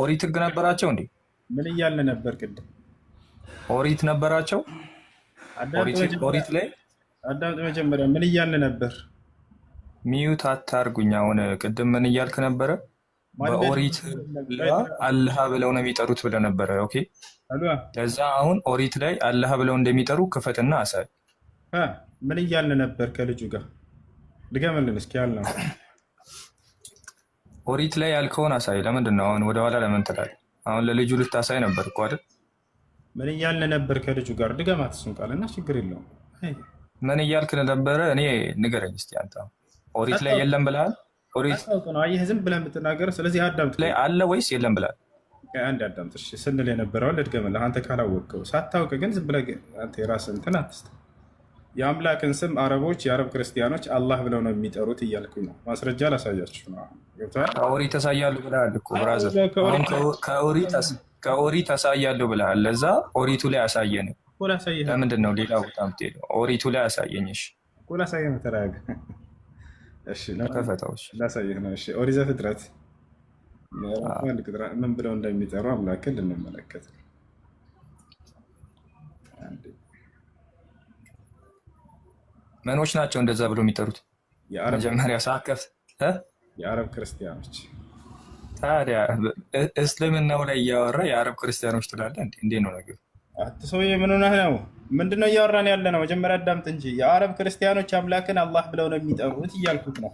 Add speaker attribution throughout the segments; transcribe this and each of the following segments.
Speaker 1: ኦሪት ህግ ነበራቸው እንዴ?
Speaker 2: ምን እያለ ነበር ቅድም?
Speaker 1: ኦሪት ነበራቸው። ኦሪት ላይ
Speaker 2: አዳምጥ። መጀመሪያ ምን እያለ ነበር?
Speaker 1: ሚዩት አታርጉኝ። አሁን ቅድም ምን እያልክ ነበረ? በኦሪት አላህ ብለው ነው የሚጠሩት ብለ ነበረ። ኦኬ፣ ከዛ አሁን ኦሪት ላይ አላህ ብለው እንደሚጠሩ ክፈትና አሳይ።
Speaker 2: ምን እያለ ነበር? ከልጁ ጋር ድገምልን እስኪ ያልነው
Speaker 1: ኦሪት ላይ ያልከውን አሳይ። ለምንድን ነው አሁን ወደኋላ ለምን ትላለህ? አሁን ለልጁ ልታሳይ ነበር እኮ አይደል?
Speaker 2: ምን እያልን ነበር? ከልጁ ጋር ድገማት እሱን ቃል እና ችግር የለውም።
Speaker 1: ምን እያልክ ነበረ? እኔ ንገረኝ እስኪ አንተ። ኦሪት ላይ የለም ብለሃል።
Speaker 2: ኦሪት አየህ፣ ዝም ብለህ የምትናገረው ስለዚህ አዳምጥ።
Speaker 1: ላይ አለ ወይስ የለም ብለሃል?
Speaker 2: አንድ አዳምጥ ስንል የነበረው ልድገምልህ፣ አንተ ካላወቅከው። ሳታውቅ ግን ዝም ብለህ አንተ የራስህ እንትን አትስጥ የአምላክን ስም አረቦች የአረብ ክርስቲያኖች አላህ ብለው ነው የሚጠሩት እያልኩ ነው። ማስረጃ ላሳያችሁ ነው።
Speaker 1: ከኦሪት ታሳያለሁ ብለሃል እኮ ብራዘር፣ ከኦሪት ታሳያለሁ ብለሃል። ለዛ ኦሪቱ ላይ አሳየን። ለምንድን ነው ሌላ ቦታ የምትሄደው? ኦሪቱ ላይ አሳየኝ።
Speaker 2: እሺ ላሳየህ ነው። ከፈታዎች ላሳየህ ነው። ኦሪት ዘፍጥረት ምን ብለው እንደሚጠሩ አምላክን ልንመለከት ነው።
Speaker 1: ምኖች ናቸው እንደዛ ብሎ የሚጠሩት መጀመሪያ ሳቀፍ
Speaker 2: የአረብ ክርስቲያኖች።
Speaker 1: ታዲያ እስልምናው ላይ እያወራ የአረብ ክርስቲያኖች ትላለ? እንዴ ነው ነገር
Speaker 2: ሰውዬ ምን ሆነህ ነው? ምንድን ነው እያወራን ያለ ነው? መጀመሪያ አዳምጥ እንጂ የአረብ ክርስቲያኖች አምላክን አላህ ብለው ነው የሚጠሩት እያልኩት ነው።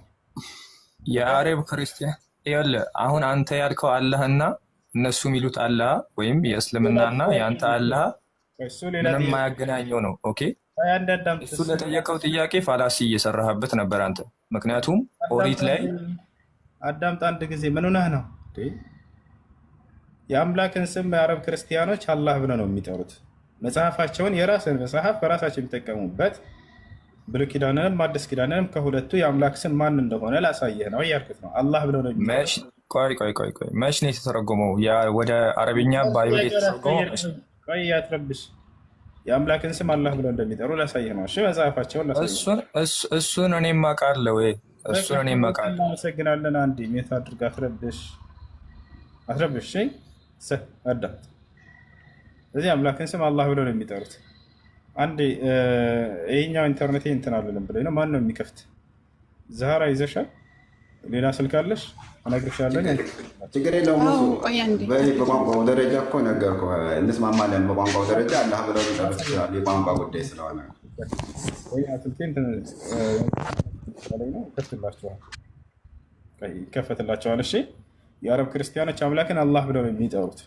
Speaker 1: የአረብ ክርስቲያን ይኸውልህ፣ አሁን አንተ ያልከው አላህና እነሱ የሚሉት አላህ ወይም የእስልምናና የአንተ አላህ ምንም የማያገናኘው ነው። ኦኬ እሱ ለጠየቀው ጥያቄ ፋላሲ እየሰራህበት ነበር አንተ። ምክንያቱም ኦሪት ላይ
Speaker 2: አዳምጥ አንድ ጊዜ ምን ሆነህ ነው? የአምላክን ስም የአረብ ክርስቲያኖች አላህ ብለው ነው የሚጠሩት። መጽሐፋቸውን የራስን መጽሐፍ በራሳቸው የሚጠቀሙበት ብሉይ ኪዳንንም አዲስ ኪዳንንም ከሁለቱ የአምላክ ስም ማን እንደሆነ ላሳየህ ነው እያልኩት ነው። አላህ ብለው ነው።
Speaker 1: ቆይ ቆይ ቆይ ቆይ፣ መች ነው የተተረጎመው? ወደ አረብኛ ባይብል የተተረጎመው?
Speaker 2: ቆይ አትረብሽ የአምላክን ስም አላህ ብለው እንደሚጠሩ ላሳይህ ነው። እሺ መጽሐፋቸውን
Speaker 1: እሱን እኔ አውቃለሁ። እሱን እኔም አውቃለሁ።
Speaker 2: እናመሰግናለን። አንድ ሜት አድርግ። አትረብሽ፣ አትረብሽ። አዳ እዚህ አምላክን ስም አላህ ብለው ነው የሚጠሩት። አንድ ይህኛው ኢንተርኔት እንትን አልልም ብለኝ ነው። ማን ነው የሚከፍት? ዛህራ ይዘሻል? ሌላ ስልክ አለሽ? አናግርሻለን።
Speaker 1: ችግር የለውም። በቋንቋው ደረጃ እኮ ነገርኩህ፣ እንስማማለን። በቋንቋው ደረጃ አላህ ብለው ሊጠሩት ይችላሉ። የቋንቋ ጉዳይ ስለሆነ
Speaker 2: ይከፈትላቸዋል። እሺ፣ የአረብ ክርስቲያኖች አምላክን አላህ ብለው የሚጠሩት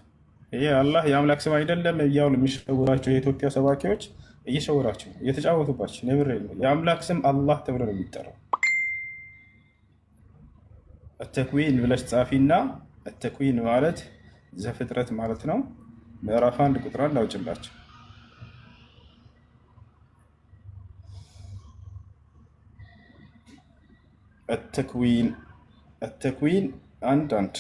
Speaker 2: ይሄ አላህ የአምላክ ስም አይደለም እያሉ የሚሸውራቸው የኢትዮጵያ ሰባኪዎች እየሸውራቸው እየተጫወቱባቸው፣ ነብር የአምላክ ስም አላህ ተብሎ ነው የሚጠራው ተክዊን ብለሽ ጻፊና አተክዊን ማለት ዘፍጥረት ማለት ነው። ምዕራፍ አንድ ቁጥር አንድ አውጭላቸው። ተክዊን ተክዊን አንድ አንድ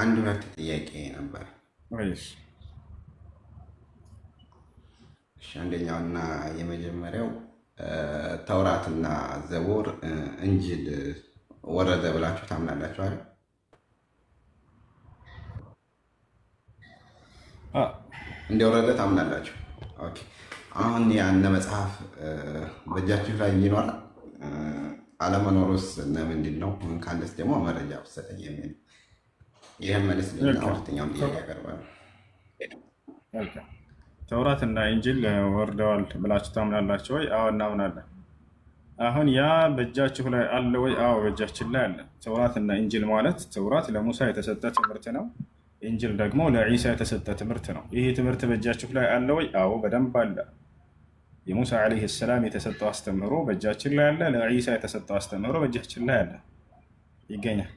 Speaker 2: አንድ ሁለት ጥያቄ ነበር።
Speaker 1: አንደኛውና የመጀመሪያው ተውራትና ዘቡር እንጅል ወረደ ብላችሁ ታምናላችሁ? አለ እንደወረደ ታምናላችሁ? አሁን ያነ መጽሐፍ በእጃችሁ ላይ ይኖራል። አለመኖሩስ ለምንድን ነው? ካለስ ደግሞ መረጃ ውሰጠኝ የሚል ይህም መልስልና ሁለተኛውም ጥያቄ ያቀርባል።
Speaker 2: ተውራት እና ኢንጂል ወርደዋል ብላችሁ ታምናላችሁ ወይ? አዎ እናምናለን። አሁን ያ በእጃችሁ ላይ አለ ወይ? አዎ በእጃችን ላይ አለ። ተውራት እና ኢንጂል ማለት ተውራት ለሙሳ የተሰጠ ትምህርት ነው። ኢንጂል ደግሞ ለዒሳ የተሰጠ ትምህርት ነው። ይህ ትምህርት በእጃችሁ ላይ አለ ወይ? አዎ በደንብ አለ። የሙሳ ዓለይሂ ሰላም የተሰጠው አስተምህሮ በእጃችን ላይ አለ። ለዒሳ የተሰጠው አስተምህሮ በእጃችን ላይ አለ፣ ይገኛል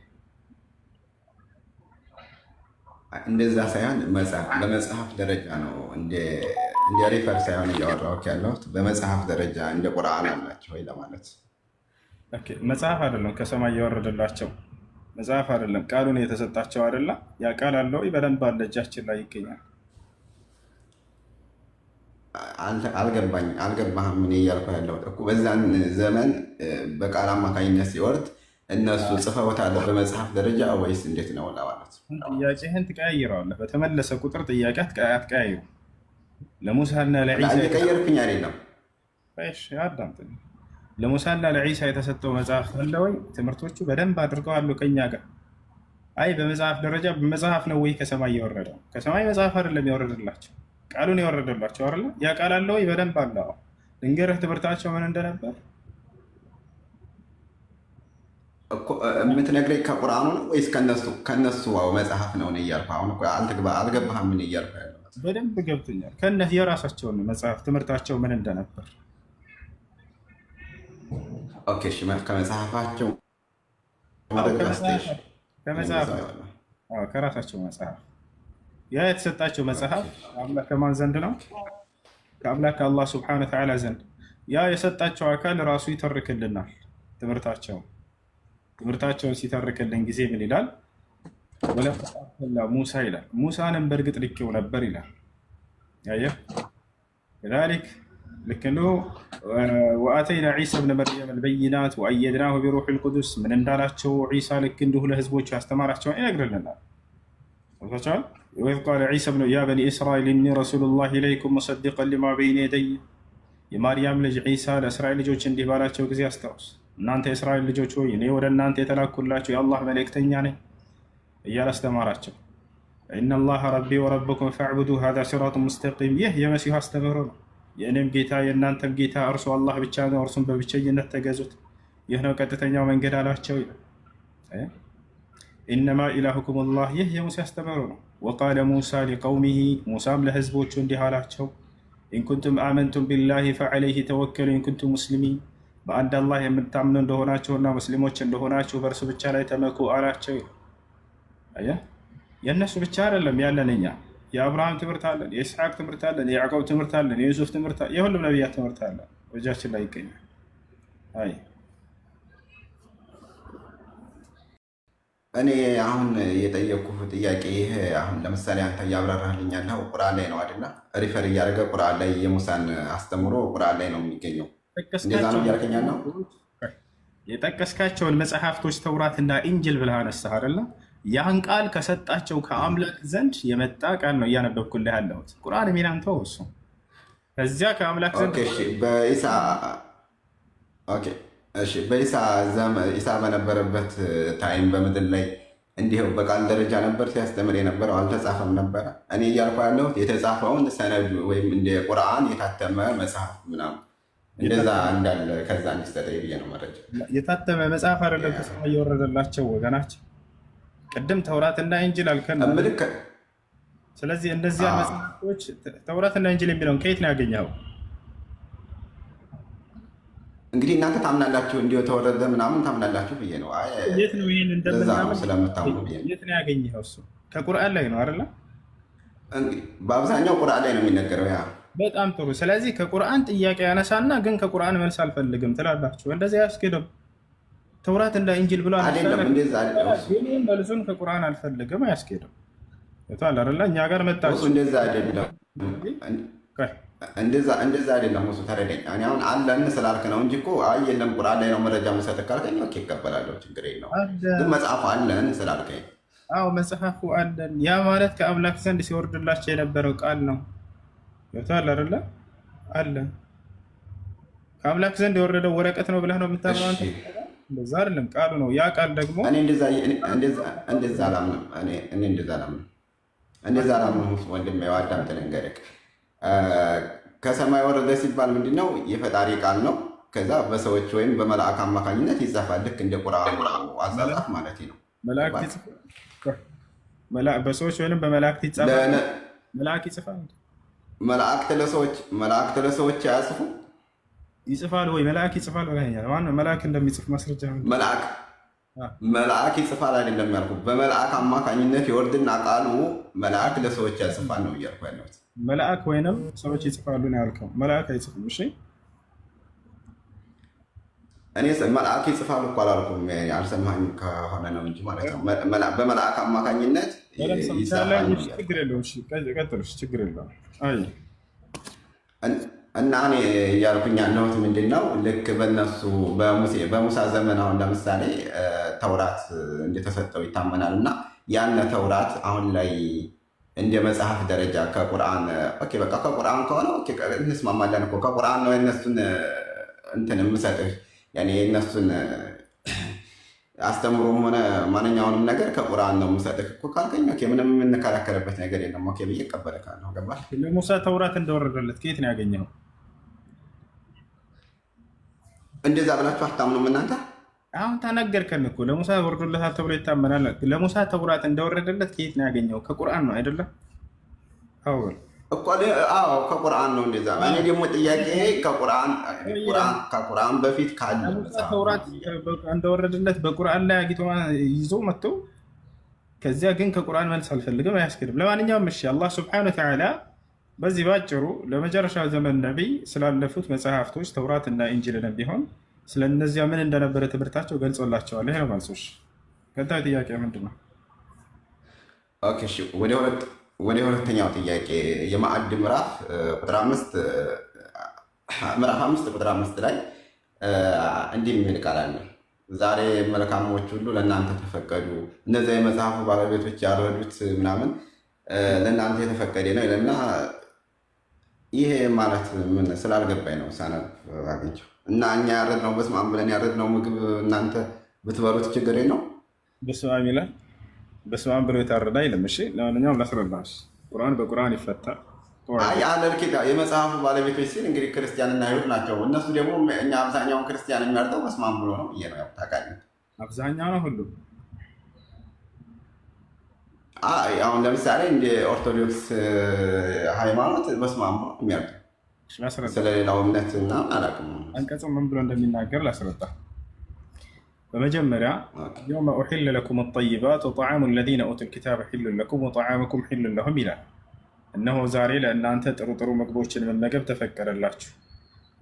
Speaker 1: እንደዛ ሳይሆን በመጽሐፍ ደረጃ ነው እንደ ሪፈር ሳይሆን እያወራሁት ያለሁት በመጽሐፍ ደረጃ እንደ ቁርአን አላቸው ወይ ለማለት
Speaker 2: መጽሐፍ አይደለም። ከሰማይ የወረደላቸው መጽሐፍ አይደለም። ቃሉን የተሰጣቸው አይደላ። ያ ቃል አለው በደንብ አለ፣ እጃችን ላይ ይገኛል።
Speaker 1: አልገባኝ አልገባህም። ምን እያልኩ ያለሁት እኮ በዛን ዘመን በቃል አማካኝነት ሲወርድ እነሱ ጽፈውታል በመጽሐፍ ደረጃ ወይስ እንዴት ነው ለማለት
Speaker 2: ጥያቄህን ትቀያይረዋለህ። በተመለሰ ቁጥር ጥያቄ አትቀያይሩ። ለሙሳና ለዒሳ
Speaker 1: ቀየርኩኝ አይደለም።
Speaker 2: አዳምጠኝ። ለሙሳና ለዒሳ የተሰጠው መጽሐፍ አለ ወይ? ትምህርቶቹ በደንብ አድርገው አሉ ከኛ ጋር። አይ በመጽሐፍ ደረጃ መጽሐፍ ነው ወይ ከሰማይ የወረደው? ከሰማይ መጽሐፍ አይደለም የወረደላቸው፣ ቃሉን የወረደላቸው አለ። ያ ቃል አለ ወይ? በደንብ አለ። ልንገርህ ትምህርታቸው ምን እንደነበር
Speaker 1: የምትነግረኝ ከቁርአኑ ነው ወይስ ከነሱ መጽሐፍ ነው እያልኩ አሁን አልገባህም። ምን እያልኩ ያለው
Speaker 2: በደንብ ገብቶኛል። ከነ የራሳቸውን መጽሐፍ ትምህርታቸው ምን እንደነበር
Speaker 1: ከመጽሐፋቸው
Speaker 2: ከራሳቸው መጽሐፍ ያ የተሰጣቸው መጽሐፍ አምላክ ከማን ዘንድ ነው? ከአምላክ አላህ ስብሐነ ወተዓላ ዘንድ ያ የሰጣቸው አካል ራሱ ይተርክልናል ትምህርታቸውን ትምህርታቸውን ሲተርክልን ጊዜ ምን ይላል? ወለፈላ ሙሳ ይላል። ሙሳንም በእርግጥ ልኬው ነበር ይላል። ያየ ከዛሊክ ልክ እንዲሁ ወአተይና ዒሳ ብነ መርየም አልበይናት ወአየድናሁ ቢሩሕ ልቅዱስ ምን እንዳላቸው ዒሳ ልክ እንዲሁ ለህዝቦቹ ያስተማራቸውን ይነግርልናል። ቻል ወይዝ ቃለ ዒሳ ብነ ያ በኒ እስራኤል እኒ ረሱሉ ኢለይኩም ሙሰዲቀን ሊማ በይነ የደይ የማርያም ልጅ ዒሳ ለእስራኤል ልጆች እንዲህ ባላቸው ጊዜ አስታውስ እናንተ የእስራኤል ልጆች ሆይ እኔ ወደ እናንተ የተላኩላቸው የአላህ መልእክተኛ ነኝ እያለ አስተማራቸው። ኢነላህ ረቢ ወረበኩም ፈዕቡዱ ሃዛ ሲራቱ ሙስተቂም። ይህ የመሲሁ አስተምህሮ ነው። የእኔም ጌታ የእናንተም ጌታ እርሱ አላህ ብቻ ነው፣ እርሱም በብቸኝነት ተገዙት። ይህ ነው ቀጥተኛው መንገድ አላቸው። ኢነማ ኢላሁኩም ላህ። ይህ የሙሴ አስተምህሮ ነው። ወቃለ ሙሳ ሊቀውሚሂ ሙሳም ለህዝቦቹ እንዲህ አላቸው ኢንኩንቱም አመንቱም ቢላሂ ፈዐለይሂ ተወከሉ ኢንኩንቱም ሙስሊሚን በአንድ አላህ የምታምኑ እንደሆናችሁና ሙስሊሞች እንደሆናችሁ በእርሱ ብቻ ላይ ተመኩ አላቸው። የእነሱ ብቻ አይደለም ያለን እኛ የአብርሃም ትምህርት አለን፣ የኢስሐቅ ትምህርት አለን፣ የያዕቆብ ትምህርት አለን፣ የዩሱፍ ትምህርት የሁሉም ነቢያት ትምህርት አለን። እጃችን ላይ ይገኛል። አይ
Speaker 1: እኔ አሁን የጠየኩህ ጥያቄ ይህ አሁን ለምሳሌ አንተ እያብራራልኝ ቁርአን ላይ ነው አይደል? ሪፈር እያደረገ ቁርአን ላይ የሙሳን አስተምሮ ቁርአን ላይ ነው የሚገኘው
Speaker 2: የጠቀስካቸውን መጽሐፍቶች ተውራትና ኢንጅል ብለህ አነሳህ አይደለ? ያን ቃል ከሰጣቸው ከአምላክ ዘንድ የመጣ ቃል ነው እያነበብኩልህ ያለሁት። ቁርአን ሚላን ተው፣ እሱ ከዚያ ከአምላክ
Speaker 1: ዘንድ በኢሳ በነበረበት ታይም በምድር ላይ እንዲሁ በቃል ደረጃ ነበር ሲያስተምር የነበረው አልተጻፈም ነበረ። እኔ እያልኩ ያለሁት የተጻፈውን ሰነድ ወይም እንደ ቁርአን የታተመ መጽሐፍ ምናምን እንደዛ እንዳለ ከዛ እንዲሰጠኝ ብዬ ነው መረጃ
Speaker 2: የታተመ መጽሐፍ አይደለም ከሰማ እየወረደላቸው ወገናቸው ቅድም ተውራትና እንጅል አልከን ስለዚህ እነዚያ መጽሐፎች እና እንጅል የሚለውን ከየት ነው ያገኘው
Speaker 1: እንግዲህ እናንተ ታምናላችሁ እንዲ ተወረደ ምናምን ታምናላችሁ ብዬ ነው የት ነው ይህን እንደምናምን ስለምታምኑ
Speaker 2: የት ነው ያገኘው? እሱ ከቁርአን ላይ ነው አይደለ
Speaker 1: እንግዲህ በአብዛኛው ቁርአን ላይ ነው የሚነገረው ያ
Speaker 2: በጣም ጥሩ። ስለዚህ ከቁርአን ጥያቄ ያነሳና ግን ከቁርአን መልስ አልፈልግም ትላላችሁ። እንደዚህ አያስኬድም። ተውራት እንደ እንጂል ብሎ
Speaker 1: ግን
Speaker 2: መልሱን ከቁርአን አልፈልግም አያስኬድም። ታል አለ እኛ ጋር
Speaker 1: መጣችሁ። እንደዛ አይደለም፣ እንደዛ አይደለም። እሱ ተረደኝ። እኔ አሁን አለን ስላልክ ነው እንጂ እኮ አይ የለም ቁርአን ላይ ነው መረጃ መሰጠት ካልከኝ ኦኬ ይቀበላለሁ፣ ችግር የለው። ግን መጽሐፍ አለን ስላልከኝ
Speaker 2: አዎ መጽሐፉ አለን። ያ ማለት ከአምላክ ዘንድ ሲወርድላቸው የነበረው ቃል ነው። ገብተዋል አይደለ? አለ ከአምላክ ዘንድ የወረደው ወረቀት ነው ብለህ ነው የምታምነው አንተ። እንደዛ አይደለም፣ ቃሉ ነው። ያ ቃል ደግሞ
Speaker 1: እኔ እንደዛ አላምንም። እኔ እንደዛ አላምንም። እንደዛ አላምንም። ወንድሜ አዳምጥ ልንገርህ። ከሰማይ ወረደ ሲባል ምንድነው? የፈጣሪ ቃል ነው። ከዛ በሰዎች ወይም በመላእክ አማካኝነት ይጻፋል። ልክ እንደ ቁርአን አጻጻፍ ማለት ነው።
Speaker 2: መላእክት በሰዎች ወይም በመላእክት ይጻፋል። መላእክት ይጽፋል
Speaker 1: መላእክት ለሰዎች መላእክት ለሰዎች አያጽፉ
Speaker 2: ይጽፋል ወይ መላእክ ይጽፋል ብለኸኛል። ማን መላእክ እንደሚጽፍ ማስረጃ
Speaker 1: መላእክ መልአክ ይጽፋል አይደለም ያልኩት፣ በመልአክ አማካኝነት የወርድና ቃሉ መልአክ ለሰዎች ያጽፋል ነው እያልኩ ያለሁት።
Speaker 2: መልአክ ወይንም ሰዎች ይጽፋሉ ነው ያልከው። መልአክ አይጽፍም። እሺ
Speaker 1: እኔ መልአክ ይጽፋሉ እኮ አላልኩም። አልሰማኝም ከሆነ ነው እንጂ ማለት ነው በመልአክ አማካኝነት እና እኔ እያልኩኝ ያለሁት ምንድን ነው ልክ በነሱ በሙሳ ዘመን አሁን ለምሳሌ ተውራት እንደተሰጠው ይታመናል እና ያነ ተውራት አሁን ላይ እንደ መጽሐፍ ደረጃ ከቁርአን በቃ ከቁርአን ከሆነ እንስማማለን እኮ ከቁርአን ነው የነሱን እንትን የምሰጥህ የነሱን አስተምሮም ሆነ ማንኛውንም ነገር ከቁርአን ነው የምሰጥህ እኮ ካልከኝ ምንም የምንከራከርበት ነገር የለም ብዬ እቀበልካለሁ። ገባህ?
Speaker 2: ተውራት እንደወረደለት ከየት ነው ያገኘው
Speaker 1: እንደዛ ብላችሁ አታምኑም እናንተ?
Speaker 2: አሁን ተናገርከን እኮ ለሙሳ ወርዶለታል ተብሎ ይታመናል። ለሙሳ ተውራት እንደወረደለት ከየት ነው ያገኘው? ከቁርአን ነው አይደለም?
Speaker 1: አዎ ከቁርአን ነው እንደዛ። እኔ ደግሞ ጥያቄ ከቁርአን በፊት ካለ
Speaker 2: እንደወረድለት በቁርአን ላይ አግኝቶ ይዞ መጥቶ ከዚያ ግን ከቁርአን መልስ አልፈልግም፣ አያስገድም። ለማንኛውም እሺ፣ አላህ ስብሐነ ወተዓላ በዚህ ባጭሩ ለመጨረሻ ዘመን ነቢይ ስላለፉት መጽሐፍቶች ተውራት እና ኢንጂልን ቢሆን ስለነዚያ ምን እንደነበረ ትምህርታቸው ገልጾላቸዋል። ይሄ ነው መልሶች። ቀጣዩ ጥያቄ ምንድን ነው?
Speaker 1: ወደ ሁለት ወደ ሁለተኛው ጥያቄ የማዕድ ምዕራፍ ቁጥር አምስት ምዕራፍ አምስት ቁጥር አምስት ላይ እንዲህ የሚል ቃል አለ። ዛሬ መልካሞች ሁሉ ለእናንተ ተፈቀዱ፣ እነዚያ የመጽሐፉ ባለቤቶች ያልረዱት ምናምን ለእናንተ የተፈቀደ ነው ይለና ይሄ ማለት ምን ስላልገባኝ ነው ሳነብ አግኝቼው እና እኛ ያረድነው በስመ አብ ብለን ያረድነው ምግብ እናንተ ብትበሉት ችግር ነው።
Speaker 2: በስመ አብ ይላል በስማን ብሎ የታረዳ የለም። እሺ ለማንኛውም ላስረዳሽ፣ ቁርአን በቁርአን ይፈታል።
Speaker 1: አይ አንድ የመጽሐፉ ባለቤቶች ሲል እንግዲህ ክርስቲያንና አይሁድ ናቸው። እነሱ ደግሞ እኛ አብዛኛውን ክርስቲያን የሚያርጠው በስማን ብሎ ነው ብዬ ነው ያው
Speaker 2: አብዛኛው ነው ሁሉም።
Speaker 1: አሁን ለምሳሌ እንደ ኦርቶዶክስ ሃይማኖት በስማን ብሎ የሚያርጠው ስለሌላው እምነት እና አላውቅም።
Speaker 2: አንቀጽ ምን ብሎ እንደሚናገር ላስረዳ فمجمرة يوم أحل لكم الطيبات وطعام الذين أوتوا الكتاب حل لكم وطعامكم حل لهم إلى أنه زاري لأن أنت ترطروا مقبوش من مقب تفكر الله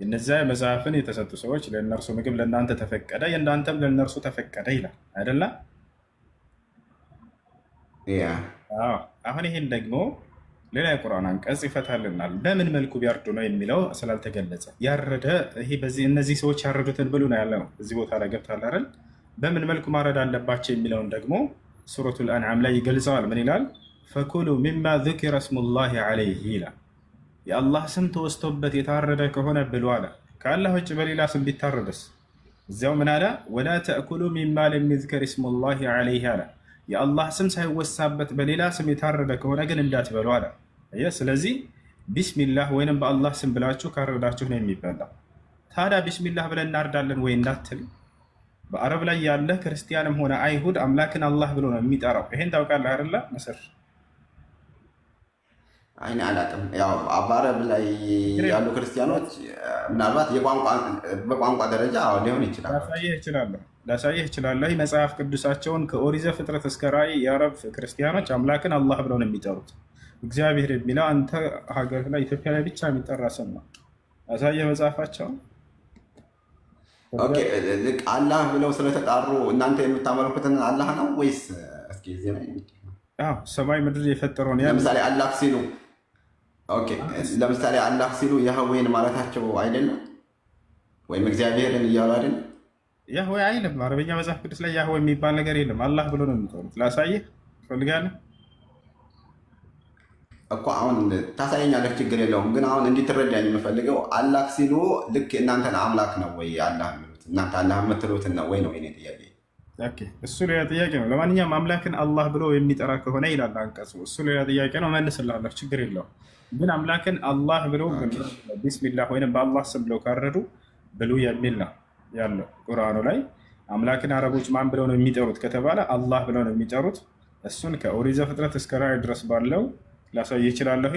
Speaker 2: إن إزاي مزافني تسدو سواج لأن نرسو مقب لأن أنت تفكر لأن أنت لأن نرسو تفكر إلى هذا لا؟ يا yeah. آه أهني هندقمو ሌላ የቁርአን አንቀጽ ይፈታልናል። በምን መልኩ ቢያርዱ ነው የሚለው ስላልተገለጸ ያረደ ይሄ በዚህ እነዚህ ሰዎች ያረዱትን ብሉ ነው ያለው። እዚህ ቦታ ላይ ገብታል አይደል? በምን መልኩ ማረድ አለባቸው የሚለውን ደግሞ ሱረቱ አንዓም ላይ ይገልጸዋል። ምን ይላል? ፈኩሉ ሚማ ዙኪረ ስሙላሂ ዐለይሂ ይላል። የአላህ ስም ተወስቶበት የታረደ ከሆነ ብሉ አለ። ከአላህ ውጭ በሌላ ስም ቢታረደስ? እዚያው ምን አለ? ወላ ተእኩሉ ሚማ ለሚዝከር ዩዝከር ስሙላሂ ዐለይሂ አለ የአላህ ስም ሳይወሳበት በሌላ ስም የታረደ ከሆነ ግን እንዳትበሉ አለ። ስለዚህ ቢስሚላህ ወይንም በአላህ ስም ብላችሁ ካረዳችሁ ነው የሚበላ። ታዲያ ቢስሚላህ ብለን እናርዳለን ወይ እንዳትል። በአረብ ላይ ያለ ክርስቲያንም ሆነ አይሁድ አምላክን አላህ ብሎ ነው የሚጠራው። ይሄን ታውቃለህ አይደለ? ምስር
Speaker 1: አይኔ አላውቅም። ያው በአረብ ላይ ያሉ ክርስቲያኖች ምናልባት በቋንቋ ደረጃ ሊሆን ይችላል
Speaker 2: ይችላለሁ ላሳየህ እችላለሁ። መጽሐፍ ቅዱሳቸውን ከኦሪት ዘፍጥረት እስከ ራእይ የአረብ ክርስቲያኖች አምላክን አላህ ብለው ነው የሚጠሩት። እግዚአብሔር የሚለው አንተ ሀገር ላይ ኢትዮጵያ ላይ ብቻ የሚጠራ ስም ነው። ላሳየህ መጽሐፋቸውን
Speaker 1: አላህ ብለው ስለተጣሩ እናንተ የምታመለኩትን አላህ ነው ወይስ
Speaker 2: ሰማይ ምድር የፈጠረውን
Speaker 1: ለምሳሌ አላህ ሲሉ ለምሳሌ አላህ ሲሉ የህዌን ማለታቸው አይደለም ወይም እግዚአብሔርን እያሉ አይደለም
Speaker 2: ያህዌ አይልም። አረበኛ መጽሐፍ ቅዱስ ላይ ያህዌ የሚባል ነገር የለም። አላህ ብሎ ነው የሚጠሩት። ላሳየህ ትፈልጋለህ
Speaker 1: እኮ አሁን ታሳየኛለህ፣ ችግር የለውም። ግን አሁን እንዲትረዳኝ የምፈልገው አላህ ሲሉ ልክ እናንተን አምላክ ነው ወይ አላህ የሚሉት እናንተ አላህ የምትሉትን ነው ወይ ነው የእኔ ጥያቄ።
Speaker 2: እሱ ሌላ ጥያቄ ነው። ለማንኛውም አምላክን አላህ ብሎ የሚጠራ ከሆነ ይላል አንቀጽ፣ እሱ ሌላ ጥያቄ ነው፣ መልስላለሁ፣ ችግር የለውም። ግን አምላክን አላህ ብሎ ቢስሚላህ ወይም በአላህ ስም ብለው ካረዱ ብሉ የሚል ነው ያለው ቁርአኑ ላይ አምላክን አረቦች ማን ብለው ነው የሚጠሩት ከተባለ አላህ ብለው ነው የሚጠሩት። እሱን ከኦሪት ዘፍጥረት እስከ ራዕይ ድረስ ባለው ላሳይ ይችላለሁ።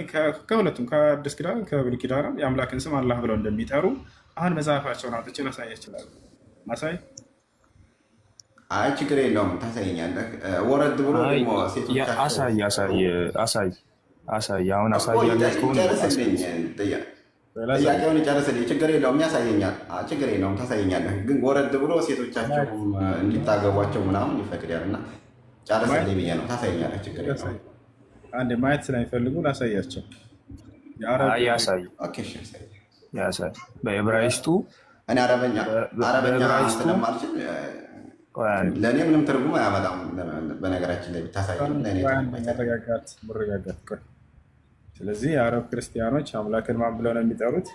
Speaker 2: ከሁለቱም ከአዲስ ኪዳን ከብሉይ ኪዳን የአምላክን ስም አላህ ብለው እንደሚጠሩ አሁን መጽሐፋቸውን አውጥቼ ላሳይ ይችላሉ። ማሳይ
Speaker 1: አይ ችግር የለውም ታሳይኛለህ። ወረድ ብሎ አሳይ አሳይ አሳይ አሁን አሳይ ያለ ከሆነ ጥያቄውን ይጨርስልኝ። ችግር የለውም ያሳየኛል። ችግር የለውም ታሳየኛለህ። ግን ወረድ ብሎ ሴቶቻቸው እንዲታገቧቸው ምናምን ይፈቅዳል እና ጨርስልኝ ብዬ ነው። ታሳየኛለህ። ችግር የለውም።
Speaker 2: አንድ ማየት ስለሚፈልጉ ላሳያቸው።
Speaker 1: በዕብራይስጡ እኔ አረበኛ አረበኛ ስለማልችል ለእኔ ምንም ትርጉም አያመጣም። በነገራችን ላይ
Speaker 2: ብታሳይ መረጋጋት ስለዚህ የአረብ ክርስቲያኖች አምላክን ማን ብለው ነው የሚጠሩት?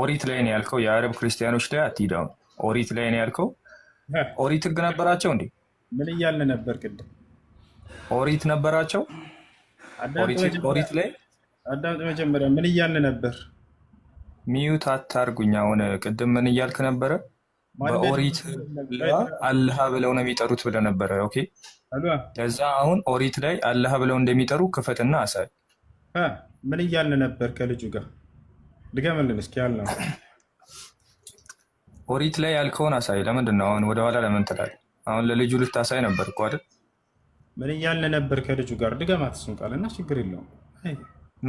Speaker 1: ኦሪት ላይ ነው ያልከው። የአረብ ክርስቲያኖች ላይ አትሂዳውን። ኦሪት ላይ ነው ያልከው። ኦሪት ህግ ነበራቸው እንዴ?
Speaker 2: ምን እያለ ነበር ቅድም?
Speaker 1: ኦሪት ነበራቸው። ኦሪት ላይ
Speaker 2: አዳምጥ። መጀመሪያ ምን እያለ ነበር?
Speaker 1: ሚዩት አታርጉኝ። አሁን ቅድም ምን እያልክ ነበረ? በኦሪት አለሀ ብለው ነው የሚጠሩት ብለ ነበረ። ኦኬ፣ ከዛ አሁን ኦሪት ላይ አለሀ ብለው እንደሚጠሩ ክፈትና አሳይ።
Speaker 2: ምን እያልን ነበር? ከልጁ ጋር ድገምልን እስኪ ያልነው
Speaker 1: ኦሪት ላይ ያልከውን አሳይ። ለምንድን ነው አሁን ወደኋላ ለምን ትላለህ? አሁን ለልጁ ልታሳይ ነበር እኮ አይደል?
Speaker 2: ምን እያልን ነበር? ከልጁ ጋር ድገማት እሱን ቃል እና ችግር የለውም።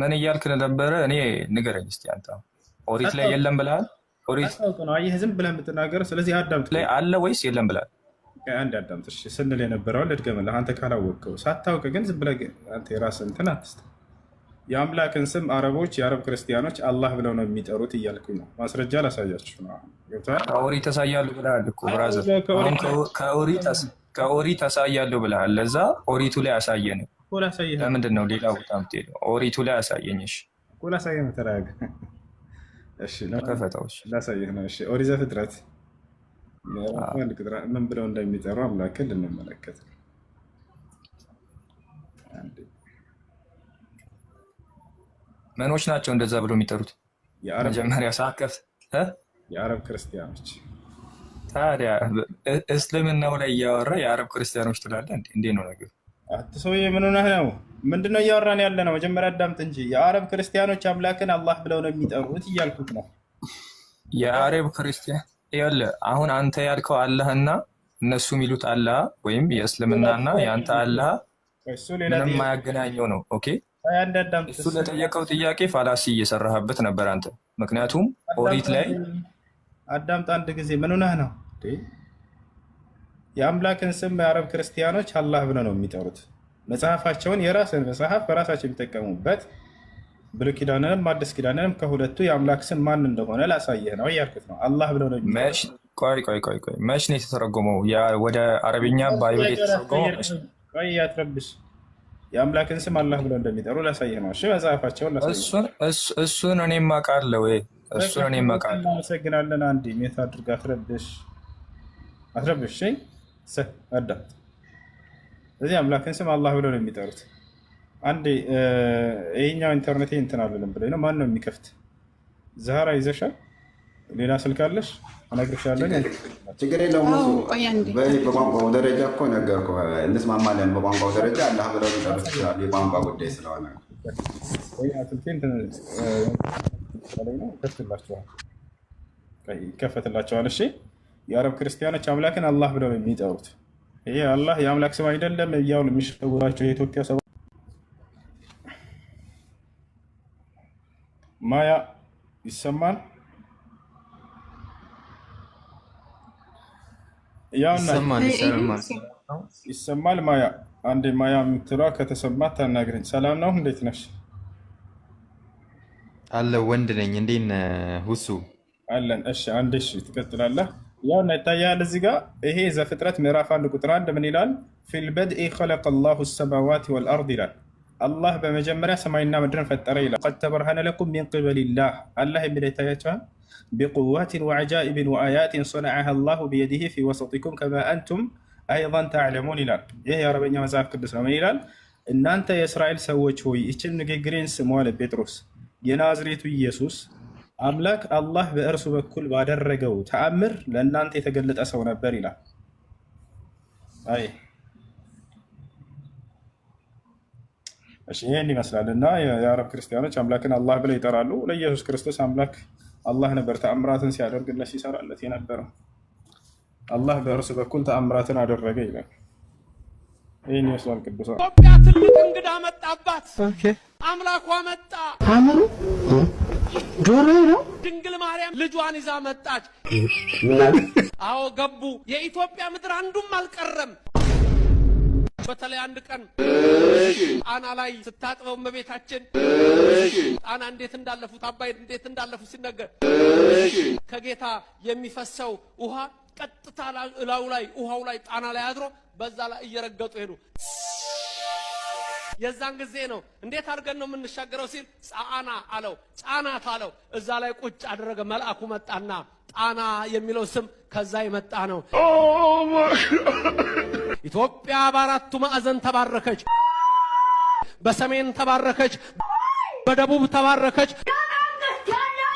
Speaker 1: ምን እያልክ ነበረ? እኔ ንገረኝ እስኪ አንተ። ኦሪት ላይ የለም ብለሃል
Speaker 2: ይህ ዝም ብለህ የምትናገረው ስለዚህ አዳምጥ ላይ
Speaker 1: አለ ወይስ የለም ብላል
Speaker 2: አንድ አዳምጥ ስንል የነበረውን ልድገምልህ። አንተ ካላወቅከው ሳታውቅ ግን ዝም ብለህ አንተ የራስህ እንትን የአምላክን ስም አረቦች፣ የአረብ ክርስቲያኖች አላህ ብለው ነው የሚጠሩት እያልኩኝ ነው። ማስረጃ ላሳያችሁ ነው።
Speaker 1: ከኦሪት ታሳያለሁ ብለሃል እኮ ብራዘር፣ ከኦሪት ታሳያለሁ ብለሃል። ለዛ ኦሪቱ ላይ አሳየን። ለምንድን ነው ሌላ ቦታ የምትሄደው? ኦሪቱ ላይ አሳየኝሽ።
Speaker 2: ላሳየ ተረጋጋ ላሳየህ ነው። ኦሪት ዘፍጥረት ምን ብለው እንደሚጠሩ አምላክን ልንመለከት
Speaker 1: ናቸው እንደዛ ብሎ የሚጠሩት? መጀመሪያ ሳከፍ
Speaker 2: የአረብ ክርስቲያኖች።
Speaker 1: ታዲያ እስልምናው ላይ እያወራ የአረብ ክርስቲያኖች ትላለህ? እንዴ ነው
Speaker 2: ምን ሆነህ ነው? ምንድነው እያወራን ያለ ነው? መጀመሪያ አዳምጥ እንጂ የአረብ ክርስቲያኖች አምላክን አላህ ብለው ነው የሚጠሩት እያልኩት ነው።
Speaker 1: የአረብ ክርስቲያን ያለ አሁን አንተ ያልከው አላህና እነሱ የሚሉት አላህ ወይም የእስልምናና የአንተ አላህ ምንም የማያገናኘው ነው። ኦኬ እሱ ለጠየቀው ጥያቄ ፋላሲ እየሰራህበት ነበር አንተ። ምክንያቱም ኦሪት ላይ
Speaker 2: አዳምጥ አንድ ጊዜ ምን ሆነህ ነው? የአምላክን ስም የአረብ ክርስቲያኖች አላህ ብለው ነው የሚጠሩት መጽሐፋቸውን የራስን መጽሐፍ በራሳቸው የሚጠቀሙበት ብሉይ ኪዳንንም አዲስ ኪዳንንም ከሁለቱ የአምላክ ስም ማን እንደሆነ ላሳየህ ነው እያልኩት ነው። አላህ ብለው ነው።
Speaker 1: ቆይ ቆይ ቆይ ቆይ፣ መች ነው የተተረጎመው? ወደ አረብኛ ባይብል የተተረጎመው
Speaker 2: ቆይ ያትረብሽ የአምላክን ስም አላህ ብለው እንደሚጠሩ ላሳየህ ነው። እሺ መጽሐፋቸውን
Speaker 1: እሱን እኔ አውቃለሁ። እሱን እኔም አውቃለሁ።
Speaker 2: እናመሰግናለን። አንድ ሜት አድርግ። አትረብሽ አትረብሽ። አዳምጥ እዚህ አምላክን ስም አላህ ብለው ነው የሚጠሩት። አንድ ይሄኛው ኢንተርኔት እንትን አልልም ብለኝ ነው። ማን ነው የሚከፍት? ዛህራ ይዘሻል? ሌላ ስልክ አለሽ? እነግርሻለን።
Speaker 1: ችግር የለውም። በቋንቋው ደረጃ እኮ ነገርኩህ፣ እንስማማለን። በቋንቋው ደረጃ አላህ ብለው ሊጠሩት ይችላሉ። የቋንቋ ጉዳይ ስለሆነ
Speaker 2: ይከፈትላቸዋል። እሺ፣ የአረብ ክርስቲያኖች አምላክን አላህ ብለው የሚጠሩት። ይሄ አላህ የአምላክ ስም አይደለም እያሉ የሚሸውራቸው የኢትዮጵያ ሰባ ማያ ይሰማል። ይሰማል። ማያ አንዴ ማያ የምትሏ ከተሰማት ታናግረኝ። ሰላም ነው፣ እንዴት ነሽ?
Speaker 1: አለ ወንድ ነኝ። እንዴት ነህ ሁሱ?
Speaker 2: አለን። እሺ፣ አንዴ ትቀጥላለህ ያው ይታያል እዚህ ጋር ይሄ ዘፍጥረት ምዕራፍ አንድ ቁጥር አንድ ምን ይላል? ፊልበድኢ ኸለቀ ላሁ ሰማዋት ወልአርድ ይላል። አላህ በመጀመሪያ ሰማይና ምድርን ፈጠረ ይላል። ቀድ ተበርሃነ ለኩም ሚን ቅበልላህ አላህ የሚል ይታያቸዋል። ቢቁዋትን ወዐጃኢብን ወአያትን ሰነዐሃ ላሁ ብየዲህ ፊ ወሰጢኩም ከማ አንቱም አይን ተዕለሙን ይላል። ይህ የአረበኛ መጽሐፍ ቅዱስ ነው። ምን ይላል? እናንተ የእስራኤል ሰዎች ሆይ ይችን ንግግሬን ስሙ አለ ጴጥሮስ የናዝሬቱ ኢየሱስ አምላክ አላህ በእርሱ በኩል ባደረገው ተአምር ለእናንተ የተገለጠ ሰው ነበር ይላል። አይ እሺ ይህን ይመስላል እና የአረብ ክርስቲያኖች አምላክን አላህ ብለው ይጠራሉ። ለኢየሱስ ክርስቶስ አምላክ አላህ ነበር ተአምራትን ሲያደርግለት ሲሰራለት የነበረው። አላህ በእርሱ በኩል ተአምራትን አደረገ ይላል። ይህን ይመስላል ኢትዮጵያ ትልቅ እንግዳ መጣባት። አምላኳ መጣ ዶሮ ነው። ድንግል ማርያም ልጇን ይዛ መጣች። አዎ ገቡ። የኢትዮጵያ ምድር አንዱም አልቀረም። በተለይ አንድ ቀን ጣና ላይ ስታጥበው እመቤታችን ጣና እንዴት እንዳለፉት አባይ እንዴት እንዳለፉት ሲነገር ከጌታ የሚፈሰው ውሃ ቀጥታ እላው ላይ ውሃው ላይ ጣና ላይ አድሮ በዛ ላይ እየረገጡ ሄዱ። የዛን ጊዜ ነው እንዴት አድርገን ነው የምንሻገረው ሲል ጻና አለው፣ ጻናት አለው። እዛ ላይ ቁጭ አደረገ። መልአኩ መጣና ጣና የሚለው ስም ከዛ የመጣ ነው። ኢትዮጵያ በአራቱ ማዕዘን ተባረከች። በሰሜን ተባረከች፣ በደቡብ ተባረከች፣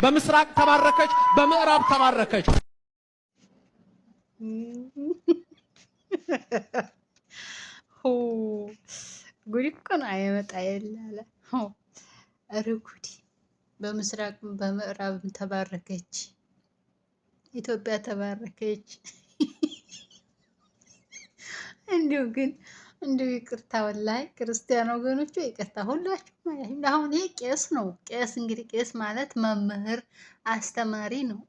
Speaker 2: በምስራቅ ተባረከች፣ በምዕራብ ተባረከች።
Speaker 3: ጉድ እኮ ነው። አይመጣ የላለ እረ ጉድ! በምስራቅም በምዕራብም ተባረከች ኢትዮጵያ ተባረከች። እንዲሁ ግን እንዲሁ ይቅርታ ወላሂ ክርስቲያን ወገኖቹ ይቅርታ ሁላችሁም። አሁን ይሄ ቄስ ነው። ቄስ እንግዲህ ቄስ ማለት መምህር አስተማሪ ነው።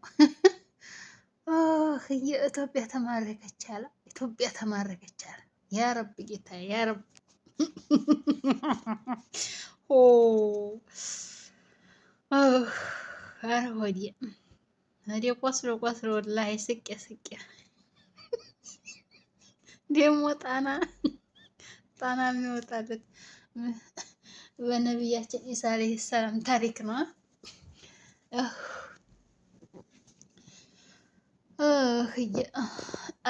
Speaker 3: የኢትዮጵያ ተማረከች አለ። ኢትዮጵያ ተማረከች አለ። ያ ረብ ጌታ ያ ረብ ሆ ኧረ ሆዴ ቆስሎ ቆስሎ ወላሂ ስቄ ስቄ ደግሞ ጣና ጣና የሚወጣበት በነቢያችን ኢሳ አለይሂ ሰላም ታሪክ ነው።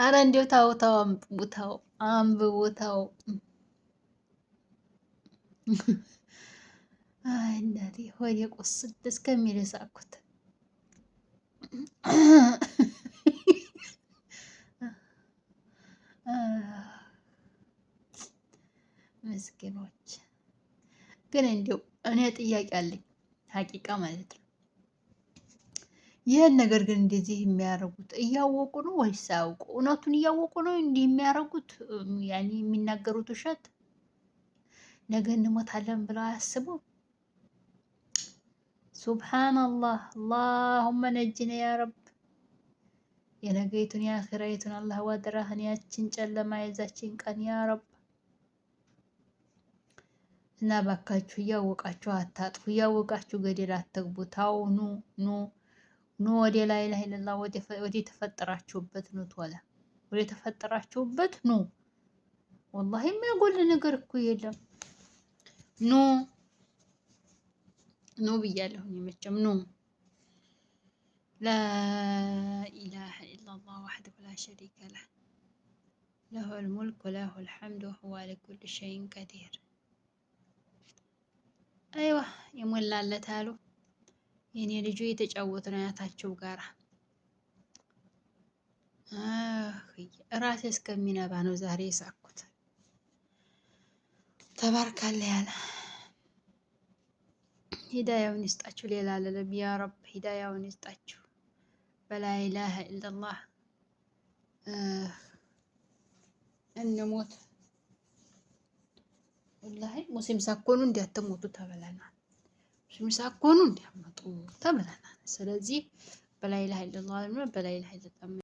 Speaker 3: ኧረ እንደው ታው ታው አንብቡ ታው አንብቡ ታው እናቴ ሆዴ ቁስል እስከሚል ሳቅኩት። ምስኪኖች ግን እንዲያው እኔ ጥያቄ አለኝ ሀቂቃ ማለት ነው። ይህን ነገር ግን እንደዚህ የሚያደርጉት እያወቁ ነው ወይስ አያውቁ? እውነቱን እያወቁ ነው እንዲህ የሚያደርጉት? ያኔ የሚናገሩት ውሸት ነገ እንሞታለን ብለው አያስቡም። ሱብሓነላህ አላሁመ ነጅነ ያ ረብ። የነገይቱን የአኺራይቱን አላህ ዋድራህን ያችን ጨለማ የዛችን ቀን ያ ረብ እና ባካችሁ እያወቃችሁ አታጥፉ፣ እያወቃችሁ ገደል አትግቡ። ታው ኑ ኑ ኑ ወደ ላይ ላይ ለላ ወደ ተፈጠራችሁበት ኑ፣ ቶላ ወደ ተፈጠራችሁበት ኑ። ወላሂ የሚያጎል ነገር እኮ የለም። ኑ ኑ ብያለሁ። መቼም ኑ ላኢላሃ ኢለላህ ወሕደሁ ላ ሸሪከ ለህ ለሁል ሙልክ ወለሁል ሐምድ ወሁወ ዓላ ኩሊ ሸይን ቀዲር። አይዋ የሞላለት አሉ የኔ ልጁ የተጫወቱ ነው አያታቸው ጋራ ራሴ እስከሚነባ ነው ዛሬ ሳቅ ተባርካለ ያለ ሂዳያውን ይስጣችሁ። ሌላ አለለም። ያ ረብ ሂዳያውን ይስጣችሁ። በላይላህ ኢላላህ እንሞት ወላሂ ሙስሊም ሳኮኑ እንዲያትሞቱ ተብለናል። ሙስሊም ሳኮኑ እንዲያመጡ ተብለናል። ስለዚህ በላይላህ ኢላላህ በላይላህ ኢላላህ